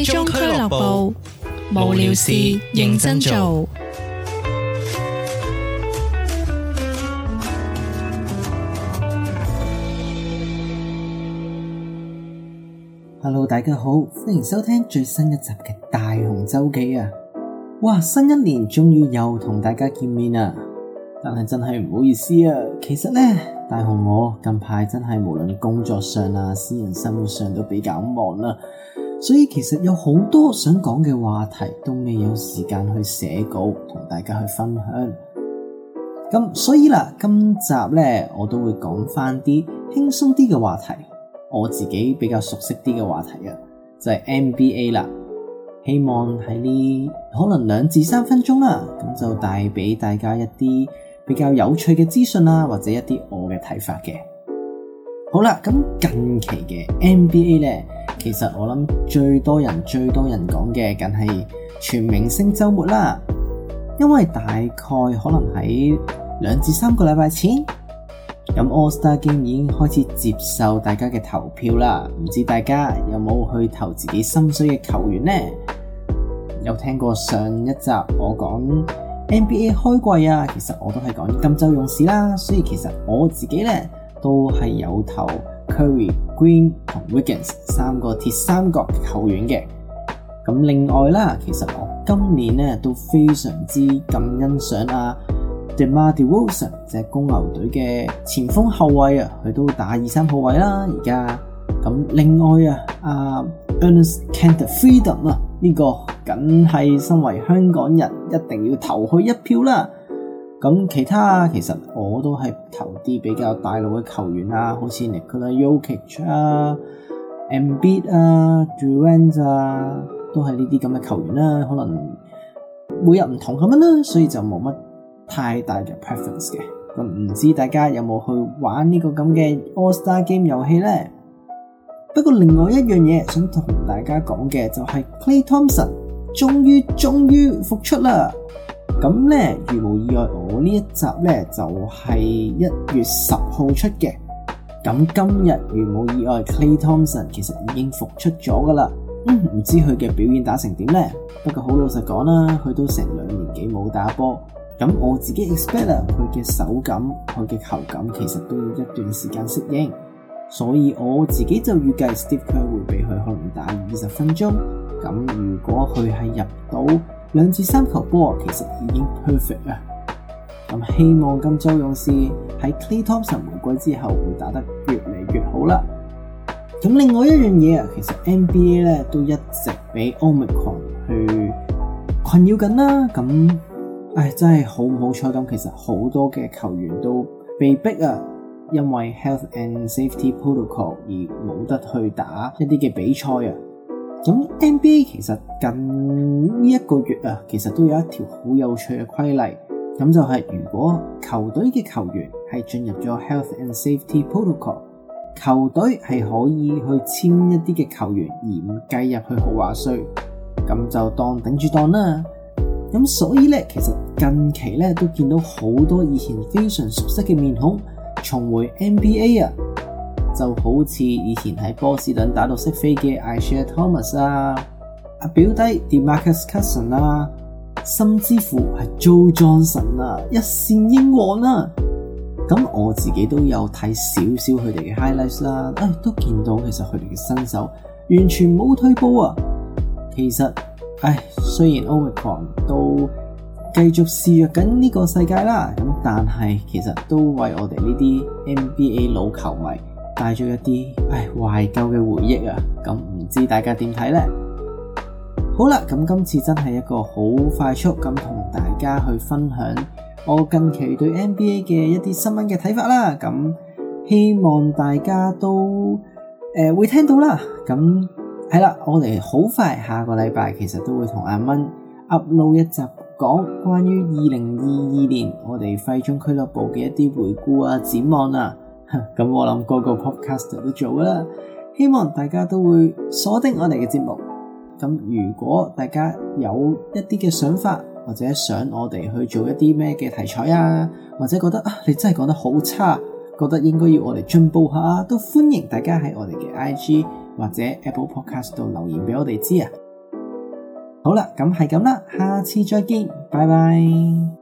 最中俱樂部，無聊事認真做。Hello，大家好，歡迎收聽最新一集嘅大雄週記啊！哇，新一年終於又同大家見面啦！但係真係唔好意思啊，其實呢，大雄我近排真係無論工作上啊、私人生活上都比較忙啦、啊。所以其實有好多想講嘅話題都未有時間去寫稿同大家去分享，咁所以啦，今集呢，我都會講翻啲輕鬆啲嘅話題，我自己比較熟悉啲嘅話題啊，就係 NBA 啦。希望喺呢可能兩至三分鐘啦，咁就帶俾大家一啲比較有趣嘅資訊啦，或者一啲我嘅睇法嘅。好啦，咁近期嘅 NBA 呢。其實我諗最多人最多人講嘅，梗係全明星周末啦，因為大概可能喺兩至三個禮拜前，咁 All Star 竟然已經開始接受大家嘅投票啦，唔知大家有冇去投自己心水嘅球員呢？有聽過上一集我講 NBA 開季啊，其實我都係講金州勇士啦，所以其實我自己呢，都係有投。Curry Green 同 Wiggins 三個鐵三角球員嘅。咁另外啦，其實我今年咧都非常之咁欣賞啊 DeMar DeRozan 即公牛隊嘅前鋒後衛啊，佢都打二三號位啦，而家，咁另外啊，啊 Enes Kanter Freedom 啊，呢個梗係身為香港人一定要投去一票啦。咁其他其實我都係投啲比較大路嘅球員像、ok、ic, 啊，好似 Nikola Jokic 啊、Embiid 啊、Durant 啊，都係呢啲咁嘅球員啦。可能每日唔同咁樣啦，所以就冇乜太大嘅 preference 嘅。咁唔知大家有冇去玩呢個咁嘅 All Star Game 遊戲咧？不過另外一樣嘢想同大家講嘅就係 Klay Thompson 終於終於復出啦！咁呢，如無意外，我呢一集呢，就係一月十號出嘅。咁今日如無意外 Clay Thompson 其實已經復出咗噶啦。嗯，唔知佢嘅表現打成點呢？不過好老實講啦，佢都成兩年幾冇打波。咁我自己 expect 啦，佢嘅手感、佢嘅球感其實都要一段時間適應。所以我自己就預計 Steve Kerr 會俾佢可能打二十分鐘。咁如果佢係入到兩至三球波其實已經 perfect 啊！咁希望金州勇士喺 Klay Thompson 回歸之後會打得越嚟越好啦。咁另外一樣嘢啊，其實 NBA 咧都一直畀 Omicron 去困擾緊啦。咁唉、哎、真係好唔好彩咁，其實好多嘅球員都被逼啊，因為 Health and Safety Protocol 而冇得去打一啲嘅比賽啊。咁 NBA 其實近呢一個月啊，其實都有一條好有趣嘅規例，咁就係如果球隊嘅球員係進入咗 Health and Safety Protocol，球隊係可以去簽一啲嘅球員而唔計入去豪華稅，咁就當頂住檔啦。咁所以咧，其實近期咧都見到好多以前非常熟悉嘅面孔重回 NBA 啊！就好似以前喺波士頓打到識飛嘅 Isiah Thomas 啊，阿表弟 DeMarcus Cousins 啊，甚至乎係 Joe Johnson 啊，一線英王啊。咁我自己都有睇少少佢哋嘅 Highlights 啦、啊哎，唉，都見到其實佢哋嘅新手完全冇退步啊。其實，唉、哎，雖然 Omicron 都繼續肆虐緊呢個世界啦、啊，咁但係其實都為我哋呢啲 NBA 老球迷。帶咗一啲唉懷舊嘅回憶啊，咁唔知大家點睇呢？好啦，咁今次真係一個好快速咁同大家去分享我近期對 NBA 嘅一啲新聞嘅睇法啦。咁希望大家都誒、呃、會聽到啦。咁係啦，我哋好快下個禮拜其實都會同阿蚊 upload 一集講關於二零二二年我哋費中俱樂部嘅一啲回顧啊、展望啊。咁我諗個個 Podcast 都做啦，希望大家都會鎖定我哋嘅節目。咁如果大家有一啲嘅想法，或者想我哋去做一啲咩嘅題材啊，或者覺得啊你真係講得好差，覺得應該要我哋進步下，都歡迎大家喺我哋嘅 IG 或者 Apple Podcast 度留言俾我哋知啊。好啦，咁係咁啦，下次再見，拜拜。